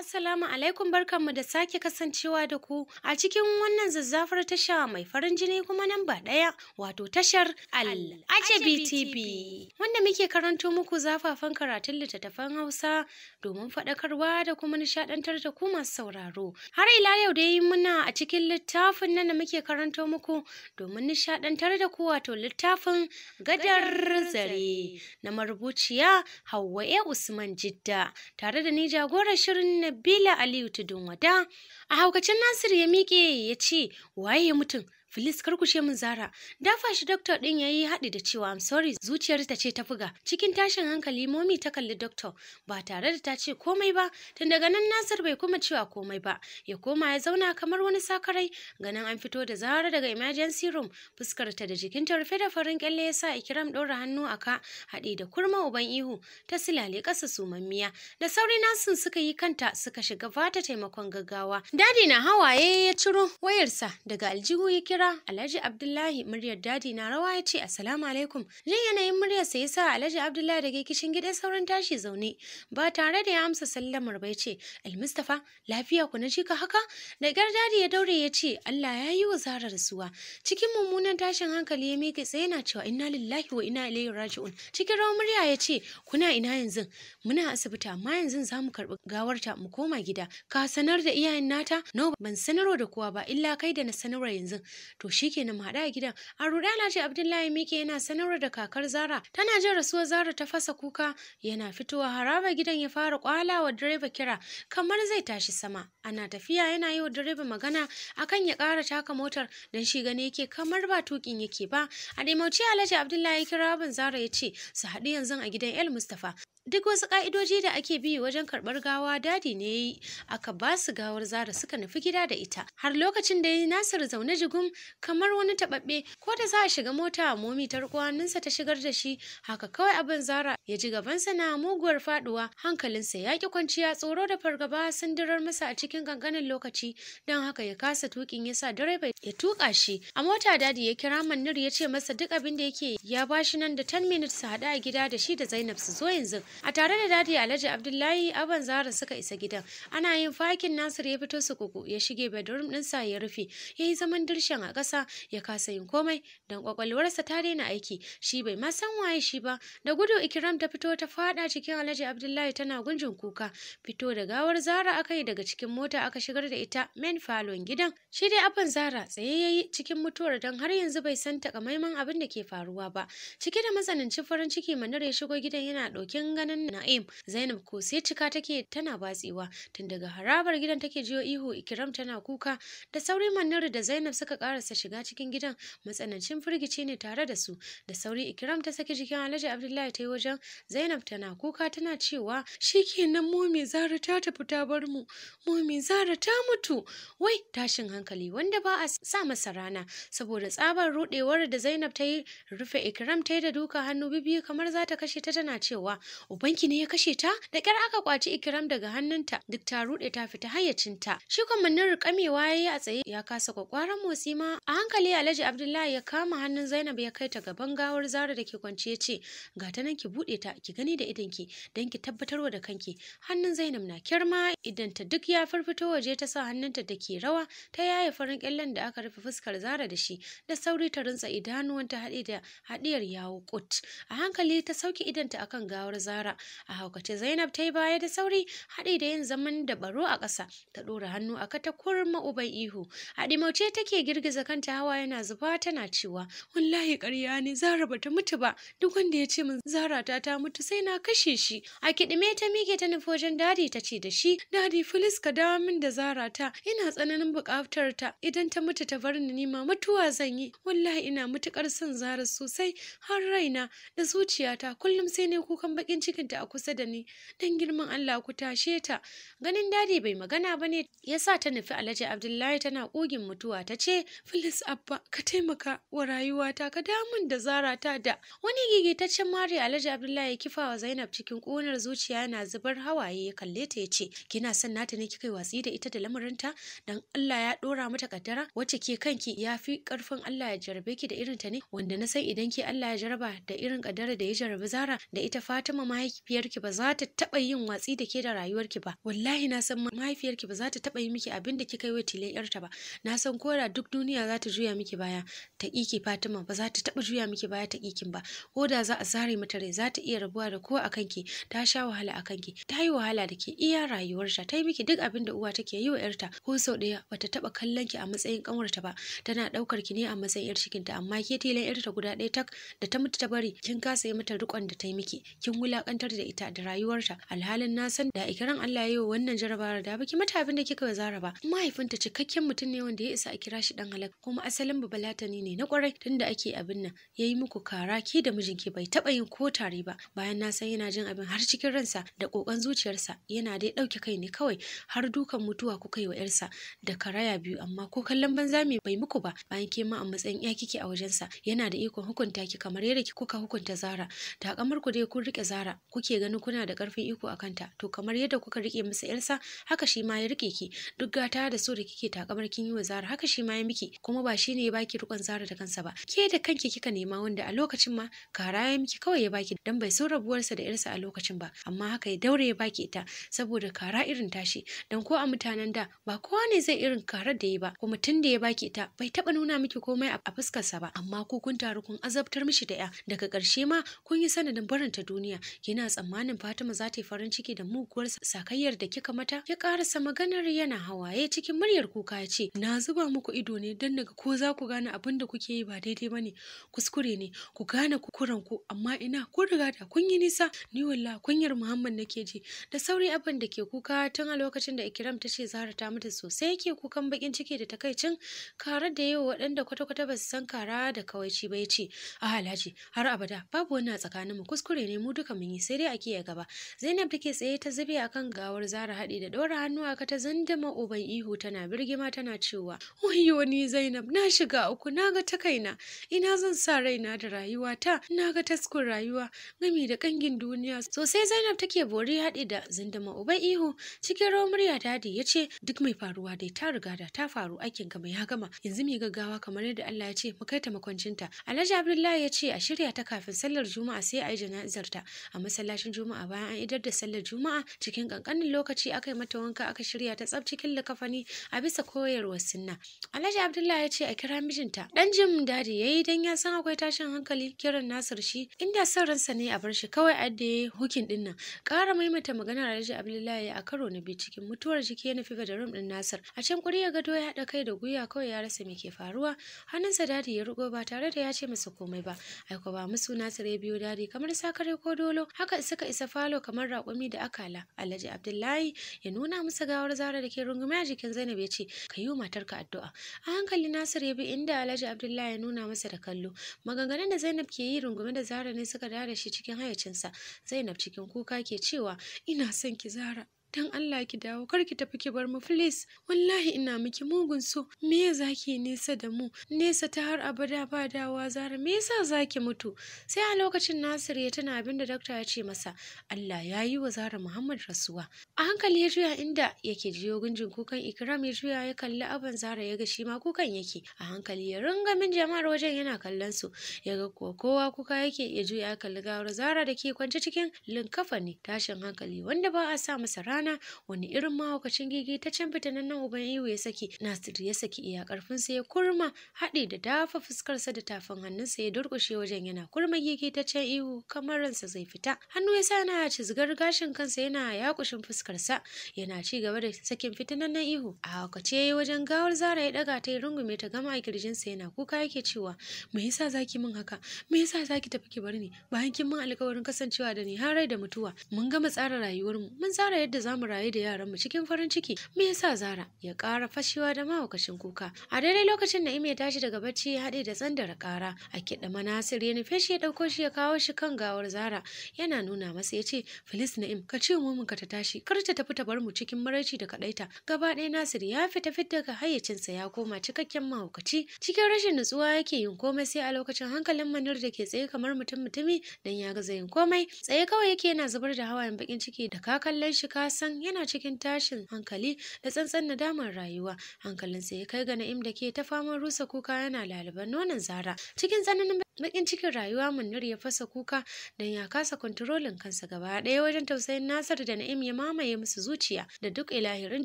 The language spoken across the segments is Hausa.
assalamu alaikum barkanmu da sake kasancewa da ku a cikin wannan zazzafar tasha mai farin jini kuma nan ba ɗaya wato tashar al'ajabi tv wanda muke karanto muku zafafan karatun littattafan hausa domin faɗakarwa da kuma nishaɗantar da ku masu sauraro har ila yau da yi muna a cikin littafin nan da muke karanto muku domin nishaɗantar da ku wato littafin gadar zare na marubuciya hauwa e usman jidda tare da ni jagorar shirin Nabila Aliyu Tudun Wada. A haukacin Nasiru ya miƙe ya ce, waye mutum, Filis karkushe min Zara. Dafa shi doktor din yayi haɗi da cewa I'm sorry zuciyar ta ce ta buga. Cikin tashin hankali momi ta kalli doktor ba tare da ta ce komai ba. Tun daga nan Nasir bai kuma cewa komai ba. Ya koma ya zauna kamar wani sakarai. Ganin an fito da Zara daga emergency room fuskar ta da ta rufe da farin kyalle ya sa Ikram ɗora hannu a ka haɗi da kurma uban ihu ta silale ƙasa sumammiya. Da sauri Nasin suka yi kanta suka shiga fata taimakon gaggawa. Dadi na hawaye ya ciro wayarsa daga aljihu ya kira kira Alhaji Abdullahi muryar dadi na rawa ya ce assalamu alaikum. Jin yanayin muryar sa yasa Alhaji Abdullahi daga kishin gida sauran tashi zaune ba tare da ya amsa sallamar ba yace ce Almustafa lafiya ku na ji ka haka? Da gar dadi ya daure ya ce Allah ya yi wa zarar rasuwa. Cikin mummunan tashin hankali ya miƙe tsaye yana cewa 'Ina lillahi wa inna ilaihi raji'un. Cikin rawar murya ya ce kuna ina yanzu muna asibiti amma yanzu za mu karɓi gawarta mu koma gida. Ka sanar da iyayen nata? No ban sanarwa da kowa ba illa kai da na sanarwa yanzu. to shi shikenan mu haɗa a gidan a ruɗa alhaji abdullahi mike yana sanarwa da kakar zara tana jin rasuwar zara ta fasa kuka yana fitowa haraba gidan ya fara kwala wa direba kira kamar zai tashi sama ana tafiya yana yi wa direba magana akan ya ƙara taka motar don shi gani yake kamar ba tukin yake ba a daimauci alhaji abdullahi kira bin zara ya ce su haɗu yanzu a gidan el mustapha duk wasu ƙa'idoji da ake bi wajen karɓar gawa dadi ne ya yi aka ba su gawar zara suka nufi gida da ita har lokacin da ya yi nasir zaune jigum kamar wani taɓaɓɓe ko da za a shiga mota momi ta hannunsa ta shigar da shi haka kawai abin zara ya ji gabansa na muguwar faɗuwa hankalinsa ya ƙi kwanciya tsoro da fargaba sun dirar masa a cikin kankanin lokaci don haka ya kasa tuƙin ya sa direba ya tuƙa shi a mota dadi ya kira mannir ya ce masa duk abin da yake ya ba shi nan da 10 minutes su haɗu a gida da shi da zainab su zo yanzu a tare da dadi alhaji abdullahi aban zara suka isa gidan ana yin fakin nasir ya fito su kuku ya shige bedroom sa ya rufe ya yi zaman dirshan a ƙasa ya kasa yin komai dan kwakwalwarsa ta daina aiki shi bai ma san waye shi ba da gudu ikiram ta fito ta fada cikin alhaji abdullahi tana gunjin kuka fito da gawar zara aka yi daga cikin mota aka shigar da ita main falon gidan shi dai aban zara tsaye ya cikin mutuwar dan har yanzu bai san takamaiman abin da ke faruwa ba cike da matsanancin farin ciki manar ya shigo gidan yana ɗaukin ganin ganin Na'im Zainab ko sai cika take tana batsewa tun daga harabar gidan take jiyo ihu Ikram tana kuka da sauri Manniru da Zainab suka karasa shiga cikin gidan matsanancin firgici ne tare da su da sauri Ikram ta saki jikin Alhaji Abdullahi ta yi wajen Zainab tana kuka tana cewa shikenan mu me Zara ta tafi ta bar mu mu me Zara ta mutu wai tashin hankali wanda ba a sa masa rana saboda tsabar rudewar da Zainab ta yi rufe Ikram ta yi da duka hannu bibiyu kamar za ta kashe ta tana cewa ubanki ne ya kashe ta da kyar aka kwaci ikiram daga hannunta duk ta rude ta fita hayyacinta shi mannan rikamewa ya yi a tsaye ya kasa kwakwaran motsi ma a hankali alhaji abdullahi ya kama hannun zainab ya kai ta gaban gawar zara da ke kwance ya ce ga ta nan ki bude ta ki gani da idanki don ki tabbatarwa da kanki hannun zainab na kirma idan ta duk ya firfito waje ta sa hannunta da ke rawa ta yaye farin kyallen da aka rufe fuskar zara da shi da sauri ta rintsa idanuwanta haɗe da haɗiyar yawo kut a hankali ta sauke idanta akan gawar zara fara a haukace zainab ta yi baya da sauri haɗi da yin zaman da baro a ƙasa ta ɗora hannu a katakur ma'uban ihu a ɗimauce take girgiza kanta hawa yana zuba tana cewa wallahi karya ne zara bata mutu ba duk wanda ya ce min zara ta ta mutu sai na kashe shi a kiɗime ta mike ta nufi wajen dadi ta ce da shi dadi filis ka dawo min da zara ta ina tsananin buƙatar ta idan ta mutu ta bar ni ma mutuwa zan yi wallahi ina mutuƙar son zara sosai har raina da zuciyata kullum sai ne kukan bakin cikinta a kusa da ni dan girman Allah ku tashe ta ganin dadi bai magana ba ne ya ta nufi Alhaji Abdullahi tana kugin mutuwa ta ce Filis Abba ka taimaka wa rayuwata ka damun da zara ta da wani gigitaccen mari Alhaji Abdullahi kifa wa Zainab cikin ƙonar zuciya yana zubar hawaye ya kalle ta ya ce kina son nata ne kika yi watsi da ita da lamarinta dan Allah ya dora mata kaddara wacce ke kanki ya fi karfin Allah ya jarbe ki da irin ta ne wanda na san idan ki Allah ya jarba da irin kaddara da ya jarbi Zara da ita Fatima ma mahaifiyarki ba za ta taɓa yin watsi da ke da rayuwarki ba wallahi na san mahaifiyarki ba za ta taɓa yi miki abin da kika yi wa tilan yarta ba na san kora duk duniya za ta juya miki baya ta ƙiki fatima ba za ta taɓa juya miki baya ta kikin ba ko da za a zare mata rai za ta iya rabuwa da ko a kanki ta sha wahala a kanki ta yi wahala da ke iya rayuwarta ta yi miki duk abin da uwa take yi wa yarta ko sau ɗaya bata taɓa kallon ki a matsayin ƙanwarta ba tana ɗaukar ki ne a matsayin yar cikinta amma ke tilan yarta guda ɗaya tak da ta mutu ta bari kin kasa yi mata riƙon da ta yi miki kin wulaƙa wulakantar da ita da rayuwarta alhalin na san da ikiran Allah ya yi wa wannan jarabawar da baki mata abin da kika zara ba mahaifinta cikakken mutum ne wanda ya isa a kira shi dan halak kuma asalin babalatani ne na kwarai tunda ake abin nan yayi muku kara ke da mijinki bai taba yin ko tare ba bayan na san yana jin abin har cikin ransa da kokan zuciyarsa yana dai dauke kai ne kawai har dukan mutuwa kuka kai wa yarsa da karaya biyu amma ko kallon banza me bai muku ba bayan ke ma a matsayin ya kike a wajensa yana da ikon hukunta ki kamar yadda kuka hukunta Zara kamar ku dai kun rike Zara kuke ganin kuna da ƙarfin iko a kanta to kamar yadda kuka rike masa yarsa haka shi ma ya rike ki duk gata da so da kike takamar kin yi wa zara haka shi ma ya miki kuma ba shi ne ya baki rikon zara da kansa ba ke da kanki kika nema wanda a lokacin ma kara ya miki kawai ya baki dan bai so rabuwarsa da yarsa a lokacin ba amma haka ya daure ya baki ita saboda kara irin tashi dan ko a mutanen da ba kowa ne zai irin karar da ya ba kuma tun da ya baki ita bai taba nuna miki komai a fuskarsa ba amma ku kun taru kun azabtar mishi da ya daga ƙarshe ma kun yi sanadin barinta duniya Kina tsammanin Fatima za ta yi farin ciki da muguwar sakayyar da kika mata? Ya karasa maganar yana hawaye cikin muryar kuka ya ce, "Na zuba muku ido ne don naga ko za ku gane abin da kuke yi ba daidai ba ne, kuskure ne, ku gane kukuran ku, amma ina ko riga da kun yi nisa, ni walla kunyar Muhammad nake ji." Da sauri abin da ke kuka tun a lokacin da Ikiram ta ce Zahra ta mutu sosai yake kukan bakin ciki da takaicin karar da yawa waɗanda kwata-kwata ba su san kara da kawaici ba ya ce, "A halaji, har abada, babu wani a tsakaninmu kuskure ne mu duka mun yi ne sai dai a kiyaye gaba zainab take tsaye ta zube akan gawar zara haɗi da ɗora hannu aka ta zandama uban ihu tana birgima tana cewa wayo ni zainab na shiga uku na ga ta kaina ina zan sa raina da rayuwata na ga taskun rayuwa gami da kangin duniya sosai zainab take bori haɗe da zandama uban ihu cikin rawar murya dadi ya ce duk mai faruwa dai ta riga da ta faru aikin ka mai ya gama yanzu mai gaggawa kamar yadda Allah ya ce mu kai ta makwancinta alhaji abdullahi ya ce a shirya ta kafin sallar juma'a sai a yi jana'izar ta amma masallacin juma'a bayan an idar da sallar juma'a cikin kankanin lokaci aka yi mata wanka aka shirya ta tsaf cikin likafani a bisa koyarwar sunna alhaji abdullahi ya ce a kira mijinta dan jim dadi yayi dan ya san akwai tashin hankali kiran nasir shi inda son ransa ne a bar shi kawai da ya hukin din nan ƙara maimaita maganar alhaji abdullahi a karo na biyu cikin mutuwar jiki ya da rum din nasir a can kuri ya gado ya haɗa kai da guya kawai ya rasa me ke faruwa hannunsa dadi ya rugo ba tare da ya ce masa komai ba aiko ba musu nasir ya biyo dadi kamar sakare ko dolo haka suka isa falo kamar raƙumi da akala alhaji abdullahi ya nuna musu gawar zara da ke rungume a jikin zainab ya ce ka yi wa matarka addu'a a hankali nasir ya bi inda alhaji abdullahi ya nuna masa da kallo maganganun da zainab ke yi rungume da zara ne suka dada shi cikin hayacinsa zainab cikin kuka ke cewa ina son ki zara dan Allah ki dawo kar ki tafi ki bar mu please wallahi ina miki mugun so me ya zaki nesa da mu nesa ta har abada ba dawa zara me yasa zaki mutu sai a lokacin Nasir ya tana abinda da ya ce masa Allah ya yi wa Zara Muhammad rasuwa a hankali ya juya inda yake jiyo gunjin kukan Ikram ya juya ya kalli aban Zara ya ga shi ma kukan yake a hankali ya ringa min jama'ar wajen yana kallon su ya ga kowa kuka yake ya juya ya kalli gawar Zara da ke kwance cikin linkafa ne tashin hankali wanda ba a sa masa rana rana wani irin mahaukacin gigi ta can fitanen nan uban ihu ya saki nasir ya saki iya karfin sa ya kurma haɗi da dafa fuskarsa da tafin hannun sa ya durƙushe wajen yana kurma gigi ta can ihu kamar ransa zai fita hannu ya sa yana cizgar gashin kansa yana yakushin fuskarsa yana ci gaba da sakin fitanen nan ihu a haukace yayi wajen gawar zara ya daga ta yi rungume ta gama a sa yana kuka yake cewa me yasa zaki min haka me yasa zaki tafi ki bar ni bayan kin min alƙawarin kasancewa da ni har da mutuwa mun gama tsara rayuwarmu mun tsara yadda za mu rayu da yaran mu cikin farin ciki me yasa zara ya ƙara fashewa da mahaukacin kuka a daidai lokacin da ya tashi daga bacci ya haɗe da tsandar ƙara a kiɗa manasir ya nufe shi ya ɗauko shi ya kawo shi kan gawar zara yana nuna masa ya ce filis na'im ka ce mu ka ta tashi kar ta tafi ta bar mu cikin maraici da kaɗaita gaba ɗaya nasir ya fita fit daga hayyacinsa ya koma cikakken mahaukaci cikin rashin nutsuwa yake yin komai sai a lokacin hankalin manir da ke tsaye kamar mutum mutumi dan ya gaza yin komai tsaye kawai yake yana zubar da hawayen bakin ciki da ka kallon shi ka san yana cikin tashin hankali da tsantsan nadamar rayuwa hankalinsa ya kai ga na'im da ke ta faman rusa kuka yana laliban nonon zara cikin tsananin bakin cikin rayuwa munnar ya fasa kuka dan ya kasa kwantarolin kansa gaba ɗaya wajen tausayin nasir da na'im ya mamaye musu zuciya da duk ilahirin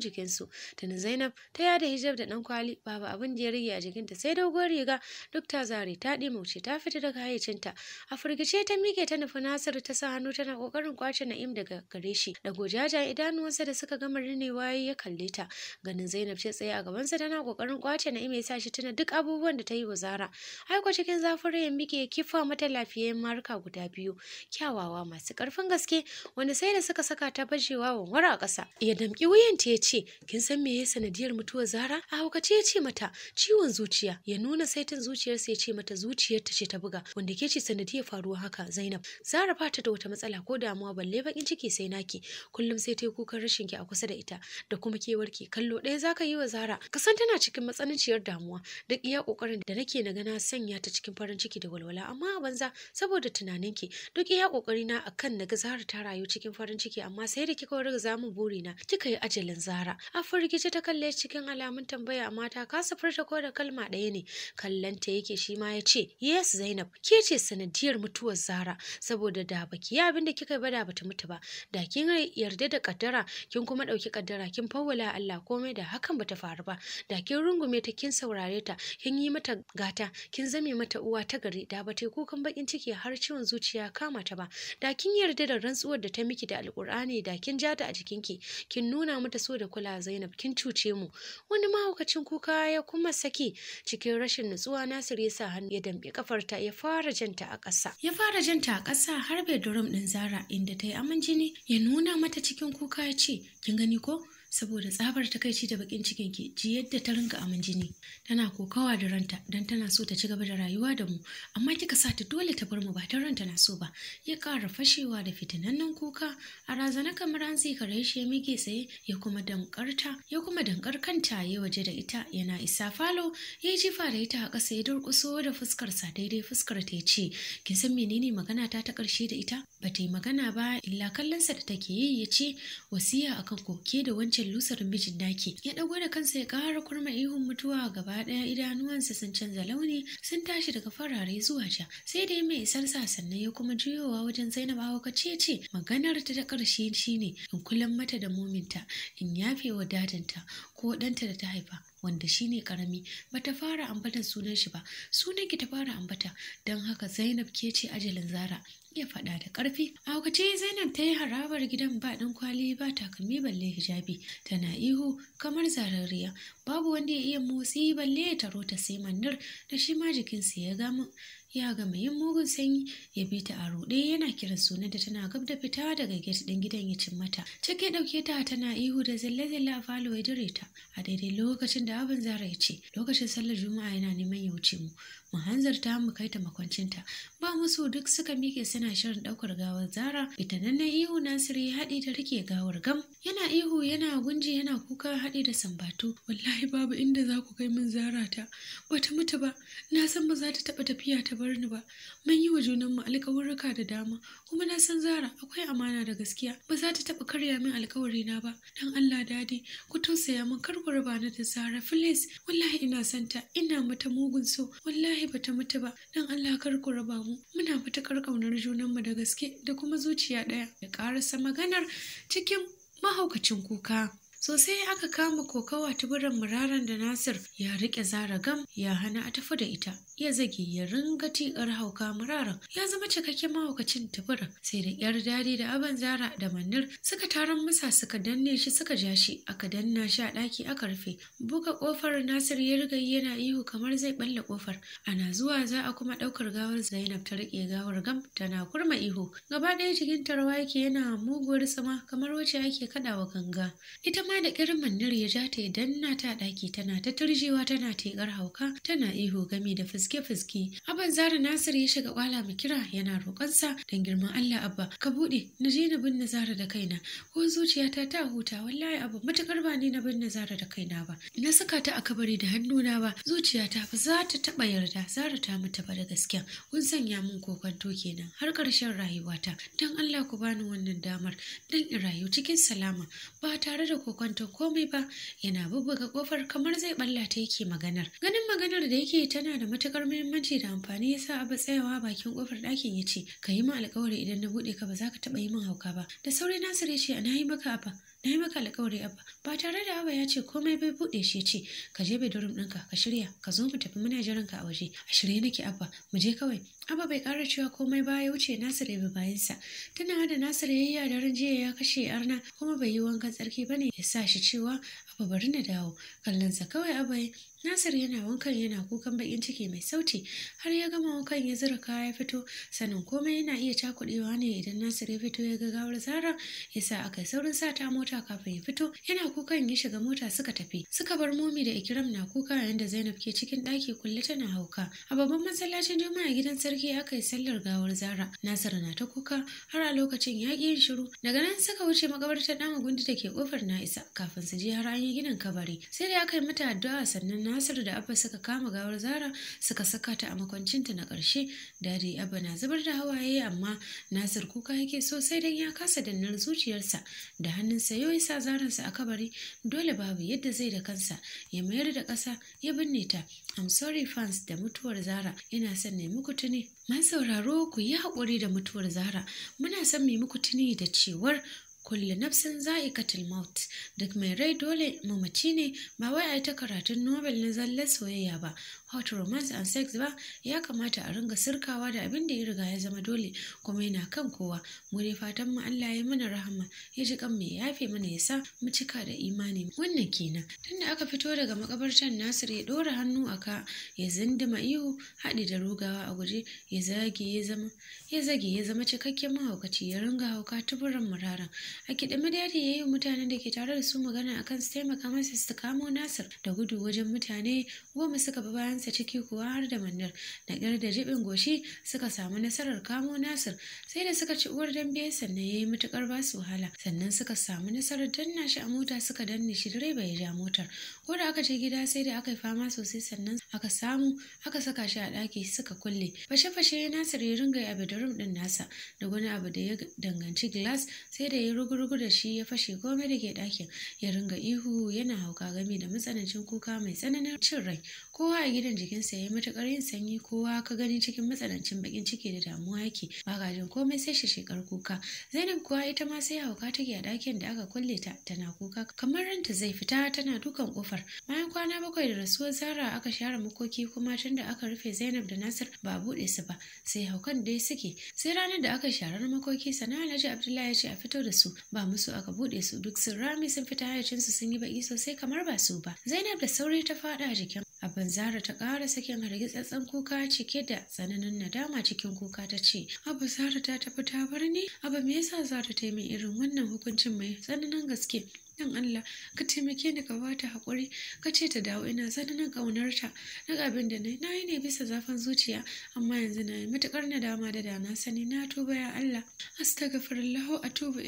jikinsu na zainab ta yada hijab da ɗan kwali babu abin da ya rage a jikinta sai doguwar riga duk ta zare ta ɗimauce ta fita daga hayyacinta a firgice ta mike ta nufi nasir ta sa hannu tana kokarin kwace na'im daga gare shi da gojajen idanuwansa da suka gama waye ya kalle ta ganin zainab ce tsaye a gabansa tana ƙoƙarin kwace na'im ya sashi shi tuna duk abubuwan da ta yi wa zara aiko cikin zafin rayan muke kifa mata lafiyayyen maruka guda biyu kyawawa masu karfin gaske wanda sai da suka saka ta bajewa wara a ƙasa ya damƙi wuyanta ya ce kin san me ya sanadiyar mutuwar zara a haukace ya ce mata ciwon zuciya ya nuna saitin zuciyarsa ya ce mata zuciyarta ce ta buga wanda ke ce sanadiyar faruwa haka zainab zara ba ta da wata matsala ko damuwa balle bakin ciki sai naki kullum sai ta yi kukan rashin ki a kusa da ita da kuma kewar kallo ɗaya zaka yi wa zara kasan tana cikin matsananciyar damuwa duk iya ƙoƙarin da nake na gana sanya ta cikin farin ciki da walwala amma a banza saboda tunanin ki duk iya kokari na akan na ga Zahra ta rayu cikin farin ciki amma sai da kika riga zamu buri na kika yi ajalin Zara a firgice ta kalle cikin alamun tambaya amma ta kasa furta ko da kalma ɗaya ne kallon ta yake shi ma ya ce yes Zainab ke ce sanadiyar mutuwar Zara saboda da baki ya abin da kika bada bata mutu ba da kin yarda da kaddara kin kuma dauki kaddara kin fawwala Allah komai da hakan bata faru ba da kin rungume ta kin saurare ta kin yi mata gata kin zame mata uwa ta gari da ba ta kukan bakin ciki har ciwon zuciya kama ta ba da kin yarda da rantsuwar da ta miki da alkur'ani da kin ja ta a ki. kin nuna mata so da kula Zainab kin cuce mu wani mahaukacin kuka ya kuma saki cikin rashin nutsuwa Nasir ya sa hannu ya damƙe kafarta ya fara janta a ƙasa ya fara janta a ƙasa har bai durum din Zara inda ta yi aman jini ya nuna mata cikin kuka ya ce kin gani ko saboda tsabar takaici da bakin cikin ki ji yadda ta rinka amin jini tana kokawa da ranta dan tana so ta ci gaba da rayuwa da mu amma kika sa ta dole ta bar mu ba ta ranta na so ba ya kara fashewa da fitinannen kuka a razana kamar an sai kare shi ya mike tsaye ya kuma dankarta ya kuma dankar kanta ya waje da ita yana isa falo ya ji da ita a ƙasa ya durkuso da fuskar sa daidai fuskar ta ce kin san menene magana ta ta ƙarshe da ita ba ta yi magana ba illa sa da take yi ya ce wasiya akan koke da wancan lusar mijin naki ya ɗago da kansa ya kara kurma ihun mutuwa gaba ɗaya idanuwansa sun canza launi sun tashi daga farare zuwa ja sai dai mai isar sa sannan ya kuma juyowa wajen zainab awakaci ce ce maganar ta ta karshe shine in kulan mata da mominta in yafe wa dadanta ko danta da ta haifa wanda shine karami bata fara ambata sunan shi ba sunan ki ta fara ambata don haka Zainab ke ce ajalin Zara ya faɗa da ƙarfi. A wakace Zainab ta yi harabar gidan ba ɗan kwali ba takalmi balle hijabi tana ihu kamar zarariya babu wanda ya iya motsi balle ya taro ta sai mannar da shi ma jikinsa ya gama ya ga mai mugun sanyi ya bi ta a ruɗe yana kiran sunan da tana gab da fita daga gate ɗin gidan ya cin mata cike ɗauke ta tana ihu da zalle zalle a falo ya dire ta a daidai lokacin da abin zara ya ce lokacin sallar juma'a yana neman ya wuce mu mu hanzarta mu kai ta makwancinta ba musu duk suka mike suna shirin ɗaukar gawar zara fitanannen ihu nasiru ya haɗi ta rike gawar gam yana ihu yana gunji yana kuka haɗi da sambatu wallahi babu inda za ku kai min zara ta bata mutu ba na san ba za ta taɓa tafiya ta ba bar ni ba mun yi wa junanmu alkawarruka da dama kuma na san zara akwai amana da gaskiya ba za ta taɓa karya min alkawari na ba dan Allah dadi ku tausaya min kar ku raba ni da zara please wallahi ina santa ina mata mugun so wallahi bata mutu ba dan Allah kar ku raba mu muna matukar ƙaunar junanmu da gaske da kuma zuciya ɗaya da ƙarasa maganar cikin mahaukacin kuka. sosai aka kama kokawa ta tuburan muraran da nasir ya riƙe zara gam ya hana a tafi da ita ya zage ya ringa tikar hauka muraran ya zama cikakken mahaukacin tuburan sai da yar dadi da aban zara da manir suka taron musa suka danne shi suka ja shi aka danna shi a ɗaki aka rufe buga ƙofar nasir ya riga yana ihu kamar zai ɓalla kofar ana zuwa za a kuma ɗaukar gawar zainab ta riƙe gawar gam tana kurma ihu gaba ɗaya cikin tarwa yake yana muguwar sama kamar wacce ake kadawa ganga ita ma ma da ƙirin manir ya ja ta idan na ta ɗaki tana ta turjewa tana teƙar hauka tana ihu gami da fuske-fuske. Abban Zara Nasir ya shiga kwala mu kira yana roƙonsa don girman Allah Abba ka buɗe na je na binne Zara da kaina ko zuciyata ta huta wallahi Abba matukar ba ni na binne Zara da kaina ba. Na saka ta a kabari da hannuna ba zuciyata ba za ta taɓa yarda Zara ta mutu ba da gaskiya kun sanya min kokonto kenan har karshen rayuwata don Allah ku bani wannan damar dan in rayu cikin salama ba tare da kokonto kwanta komai ba yana bubbuga kofar kamar zai balla ta yake maganar ganin maganar da yake tana da matukar muhimmanci da amfani yasa abu tsayawa bakin kofar ɗakin ya ce ka yi min alkawari idan na buɗe ka ba za ka taɓa yi min hauka ba da sauri nasir ya ce ana yi maka ba. na yi maka alkawari abba ba tare da abba ya ce komai bai buɗe shi ya ce ka je durum ɗinka ka shirya ka zo mu tafi muna jiran ka a waje a shirye nake abba mu je kawai abba bai ƙara cewa komai ba ya wuce nasir ya bayansa tana da nasir ya yi daren jiya ya kashe arna kuma bai yi wankan tsarki ba ne ya sa shi cewa abba bari na dawo kallonsa kawai abba Nasir yana wankan yana kukan bakin ciki mai sauti har ya gama wankan ya zura kaya ya fito sanin komai yana iya cakuɗewa ne idan Nasir ya fito ya ga gawar Zara ya sa aka saurin sa ta mota kafin ya fito yana kukan ya shiga mota suka tafi suka bar momi da Ikiram na kuka yayin da Zainab ke cikin ɗaki kulle tana hauka a babban masallacin Juma'a gidan sarki aka yi sallar gawar Zara Nasir na ta kuka har a lokacin ya yin shiru daga nan suka wuce makabartar Dama Gundi da ke kofar isa. kafin su je har an yi ginin kabari sai da aka yi mata addu'a sannan Nasir da Abba suka kama gawar Zara suka saka ta a makwancinta na ƙarshe. Dadi Abba na zubar da hawaye amma Nasiru, kuka yake sosai dan ya kasa dannar zuciyarsa da hannunsa ya sa zaransa a kabari dole babu yadda zai da kansa ya mayar da ƙasa ya binne ta. I'm sorry fans da mutuwar Zara ina son ne muku tuni. Na sauraro ku yi haƙuri da mutuwar Zara muna son mai muku tuni da cewar Kulle nafsin za'ikatul maut duk mai rai dole mamaci ne ba wai ai ta karatun nobel na zallar soyayya ba wato romance and sex ba ya kamata a ringa sirkawa da abin da ya riga ya zama dole kuma yana kan kowa mu dai fatan mu Allah ya mana rahama ya ji kan mai yafe mana ya sa mu cika da imani wannan kenan tunda aka fito daga makabartar Nasir ya dora hannu a ka ya zindima ihu haɗi da rugawa a guje ya zage ya zama ya zage ya zama cikakken mahaukaci ya ringa hauka tuburan muraran a kiɗa madadi ya yi mutanen da ke tare da su magana akan su taimaka masa su kamo Nasir da gudu wajen mutane goma suka bi bayan kansa ciki kuwa har da mannar da ƙyar da jibin goshi suka samu nasarar kamo nasir sai da suka ci uwar dambe sannan ya yi matukar ba su wahala sannan suka samu nasarar danna shi a mota suka danne shi direba ya ja motar ko da aka je gida sai da aka yi fama sosai sannan aka samu aka saka shi a ɗaki suka kulle fashe-fashe nasir ya ringa ya bedroom ɗin nasa da wani abu da ya danganci glass sai da ya rugurugu da shi ya fashe komai da ke ɗakin ya ringa ihu yana hauka game da matsanancin kuka mai tsananin cin rai kowa a gidan Dukan jikinsa ya yi matuƙar yin sanyi kowa ka gani cikin matsanancin bakin ciki da damuwa yake ba jin komai sai shi shekar kuka. Zainab kuwa ita ma sai hauka take a ɗakin da aka kulle ta tana kuka kamar ranta zai fita tana dukan kofar. Bayan kwana bakwai da rasuwar Zara aka share makoki kuma tun da aka rufe Zainab da Nasir ba a buɗe su ba sai haukan dai suke. Sai ranar da aka sharar makoki sana ji Abdullahi ya ce a fito da su ba musu aka buɗe su duk sun rami sun fita hayacinsu sun yi baƙi sosai kamar ba su ba. Zainab da sauri ta faɗa jikin abin zara ta ƙara sakin hargitsatsen kuka cike da tsananin nadama cikin kuka ta ce abu zara ta tafi ta bar ni abu me yasa zara ta yi min irin wannan hukuncin mai tsananin gaske dan Allah ka taimake ni ka bata haƙuri ka ce ta dawo ina tsananin ƙaunarta duk abin da na yi na yi ne bisa zafin zuciya amma yanzu na yi matuƙar nadama da dana sani na tuba ya Allah astaghfirullah a tuba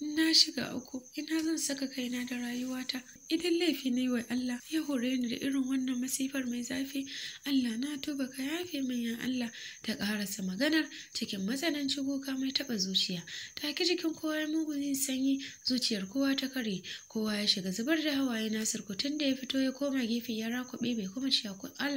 na shiga uku ina zan saka kaina da rayuwata idan laifi ne wai Allah ya hore ni da irin wannan masifar mai zafi Allah na tuba ka yafe min ya Allah ta ƙarasa maganar cikin matsanancin kuka mai taɓa zuciya ki jikin kowa ya mugun sanyi zuciyar kowa ta kare kowa ya shiga zubar da hawaye nasir tun da ya fito ya koma gefe ya rakwabe bai kuma ci ko ba.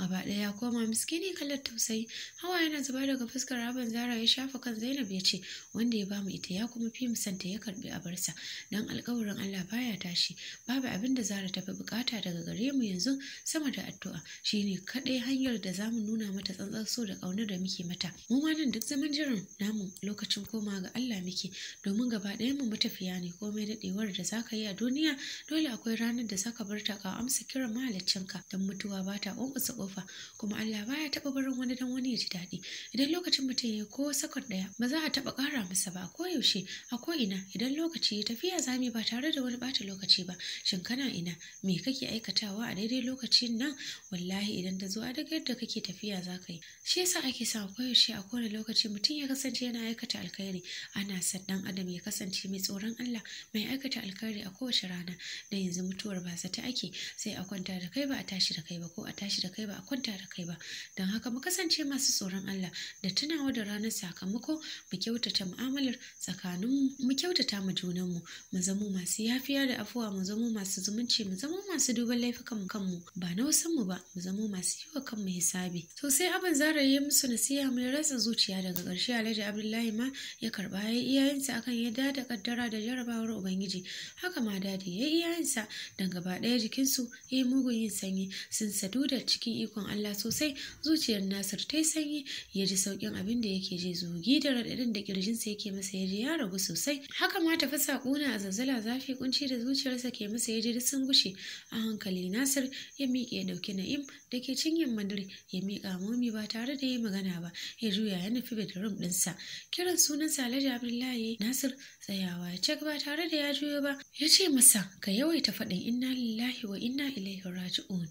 gaba ɗaya ya koma miskini kallar tausayi hawaye na zuba daga fuskar rabin zara ya shafa kan zainab ya ce wanda ya bamu ita ya kuma fi musanta ya karbi barsa. dan alkawarin allah baya tashi babu abin da zara ta fi bukata daga gare mu yanzu sama da addu'a shine kaɗai hanyar da zamu nuna mata tsantsanso so da ƙaunar da muke mata mu ma nan duk zaman jiran namu lokacin koma ga allah muke domin gaba ɗayan mu matafiya ne komai daɗewa rayuwar da za ka yi a duniya dole akwai ranar da zaka bar ta ka amsa kiran mahaliccinka don mutuwa ba ta ƙunƙusa ƙofa kuma Allah baya taɓa barin wani dan wani ya ji daɗi idan lokacin mutum ya ko sakon ɗaya ba za a taɓa ƙara masa ba ko yaushe a ko ina idan lokaci ya tafiya zami ba tare da wani ɓata lokaci ba shin kana ina me kake aikatawa a daidai lokacin nan wallahi idan ta zo a daga yadda kake tafiya za ka yi shi yasa ake sa yaushe a kowane lokaci mutum ya kasance yana aikata alkhairi ana sa dan adam ya kasance mai tsoron Allah mai aikata fita alkhairi a kowace rana na yanzu mutuwar ba ta ake sai a kwanta da kai ba a tashi da kai ba ko a tashi da kai ba a kwanta da kai ba don haka mu kasance masu tsoron Allah da tunawa da ranar sakamako mu kyautata mu'amalar tsakanin mu kyautata mu junanmu mu zamo masu yafiya da afuwa mu zamo masu zumunci mu zamo masu duban laifukan kanmu ba na wasan mu ba mu zamo masu yi wa kanmu hisabi to sai abin zara ya musu nasiha mai rasa zuciya daga ƙarshe Alhaji Abdullahi ma ya karba ya iyayensa akan yadda da kaddara da jarabawar Ubangiji haka ma dadi ya yi yayinsa don gaba ɗaya jikinsu ya yi mugun yin sanyi sun sadu da cikin ikon Allah sosai zuciyar Nasir ta yi sanyi ya ji sauƙin abin da yake ji zugi da raɗaɗin da ƙirjinsa yake masa ya ji ya ragu sosai haka ma ta fasa ƙuna a zazzala zafi kunci da zuciyarsa ke masa ya ji sun gushe a hankali Nasir ya miƙe ya ɗauki Na'im da ke cinyin mandir ya miƙa momi ba tare da ya yi magana ba ya juya ya nufi bedroom ɗinsa kiran sunan Alhaji Abdullahi Nasir tsayawa cek ba tare da ya juyo ba ya ce masa ka yawaita faɗin inna lillahi wa inna ilaihi raji'un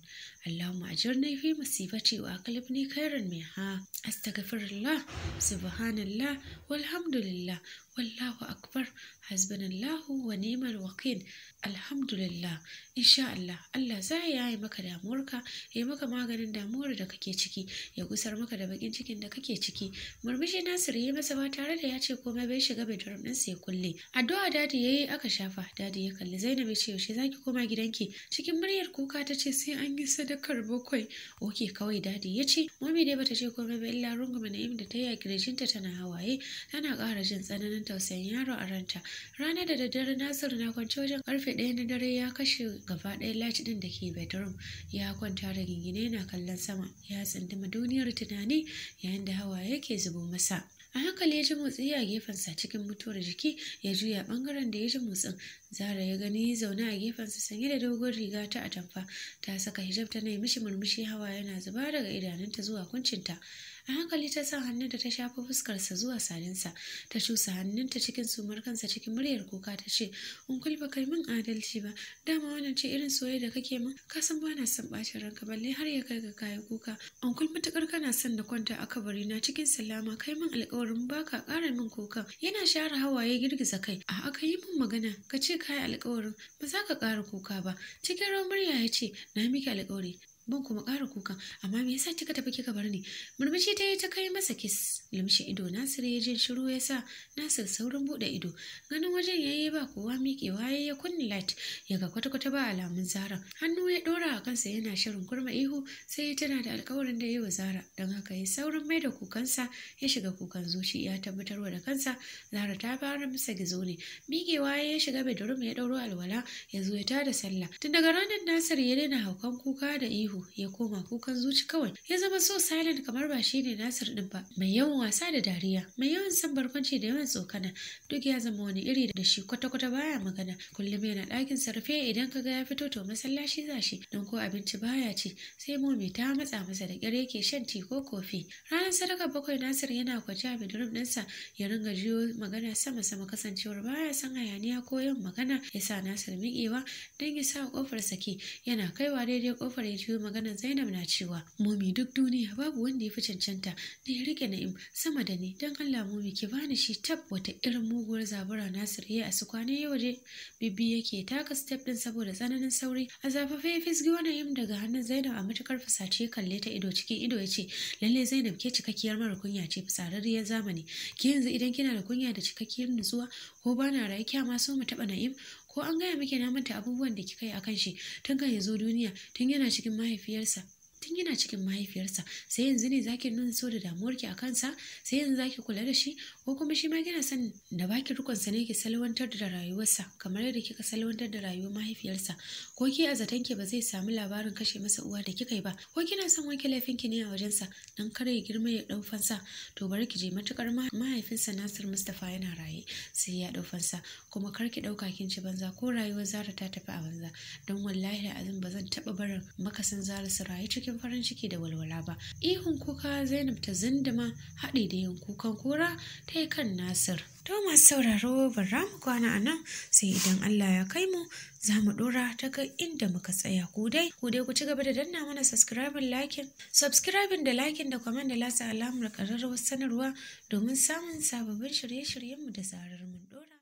Allahumma ajirni fi masibati wa kairan mai ha. Astagfirullah, subhanallah walhamdulillah wallahu akbar hasbunallahu wa ni'mal wakil alhamdulillah insha Allah Allah za ya yi maka damuwarka ya maka maganin damuwar da kake ciki ya gusar maka da bakin cikin da kake ciki murmushi Nasir ya masa ba tare da ya ce komai bai shiga bedroom ɗinsa ya kulle addu'a dadi yi aka shafa dadi ya kalli Zainab ya ce yaushe zaki koma gidanki cikin muryar kuka ta ce sai an yi sadakar bakwai oke kawai dadi ya ce mami dai bata ce komai ba illa rungume na'im da ta yi a ta tana hawaye tana ƙara jin tsananin tausayin yaro a ranta ranar da daddare nasiru na kwance wajen karfe ɗaya na dare ya kashe gaba ɗaya lati ɗin da ke bedroom ya kwanta da gingine yana kallon sama ya tsinduma duniyar tunani yayin da hawaye ke zubo masa a hankali ya ji motsi a gefensa cikin mutuwar jiki ya juya bangaren da ya ji motsin zara ya gani zaune a gefensa sanye da dogon riga ta atamfa ta saka hijab ta na mishi murmushi hawa yana zuba daga idanunta zuwa kuncinta a hankali ta sa hannun da ta shafa fuskarsa zuwa saninsa ta cusa hannunta cikin sumar kansa cikin muryar kuka ta ce unkul ba kai min adalci ba dama wannan ce irin soyayya da kake min ka san ba na son bacin ranka balle har ya kai ga kayan kuka unkul matukar kana son da kwanta a kabari na cikin salama kai min alkawarin baka ƙara min kuka. yana share hawaye girgiza kai a aka yi min magana ka ce kai alkawarin ba za ka ƙara kuka ba cikin rawar murya ya ce na miki alkawari ban kuma ƙara kuka amma me yasa kika tafi kika bar ni murmushi ta yi ta kai masa kis limshi ido nasir ya jin shiru ya sa nasir saurin buɗe ido ganin wajen yayi ba kowa miƙewa ya ya kunni light ya ga kwata-kwata ba alamun zara hannu ya ɗora a kansa yana shirin kurma ihu sai ya tana da alkawarin da yi wa zara don haka ya saurin mai da kukansa ya shiga kukan zuci ya tabbatarwa da kansa zara ta fara masa gizo ne miƙewa ya shiga bedroom ya ɗauro alwala ya zo ya tada sallah tun daga ranar nasir ya daina haukan kuka da ihu ya koma kukan zuci kawai ya zama so silent kamar ba shi ne nasir din ba mai yawan wasa da dariya mai yawan san barkwanci da yawan tsokana duk ya zama wani iri da shi kwata-kwata baya magana kullum yana ɗakin sarfe idan ka ga ya fito to masallaci za shi don ko abinci baya ci sai momi ta matsa masa da ƙyar yake shan ti ko kofi ranar sadaka bakwai nasir yana kwace a bedroom ɗinsa ya ringa jiyo magana sama-sama kasancewar baya san hayaniya ko yin magana ya sa nasir miƙewa don ya sa ƙofar sake yana kaiwa daidai ƙofar ya jiyo maganar Zainab na cewa momi duk duniya babu wanda ya fi cancanta da ya rike na'im sama da ni don Allah momi ki bani shi tab wata irin muguwar zabura Nasir ya asu ya waje bibi yake taka step din saboda tsananin sauri a zafafe ya fisgi na'im daga hannun Zainab a matukar fasace kalle ta ido cikin ido ya ce lallai Zainab ke cikakkiyar mara kunya ce fasararriyar zamani ki yanzu idan kina da kunya da cikakkiyar nutsuwa ko bana rayu kya ma so mu taba na'im ko an gaya miki na manta abubuwan da kika yi akan shi tun kan ya zo duniya tun yana cikin mahaifiyarsa tun yana cikin mahaifiyarsa sai yanzu ne zaki nuna so da damuwarki a kansa sai yanzu zaki kula da shi ko kuma shi ma kina san da baki rukunsa ne ki salwantar da rayuwarsa kamar yadda kika salwantar da rayuwar mahaifiyarsa ko ke a zaton ki ba zai samu labarin kashe masa uwa da kika yi ba ko kina son wanke laifinki ne a wajensa dan kare ya girma ya dau fansa to bari ki je matukar mahaifinsa Nasir Mustafa yana raye sai ya dau fansa kuma kar ki dauka kin ci banza ko rayuwar Zara ta tafi a banza don wallahi azin ba zan taba barin makasin Zara su rayu cikin cikin farin ciki da walwala ba ihun kuka zainab ta zindima haɗi da yin kukan kura ta yi kan nasir to masu sauraro bara mu kwana a nan sai idan allah ya kai mu za mu ɗora ta ga inda muka tsaya ku dai ku dai ku ci gaba da danna mana subscribing lakin subscribing da lakin da comment da lasa alamar ƙararrawar sanarwa domin samun sababbin shirye-shiryenmu da zarar mun ɗora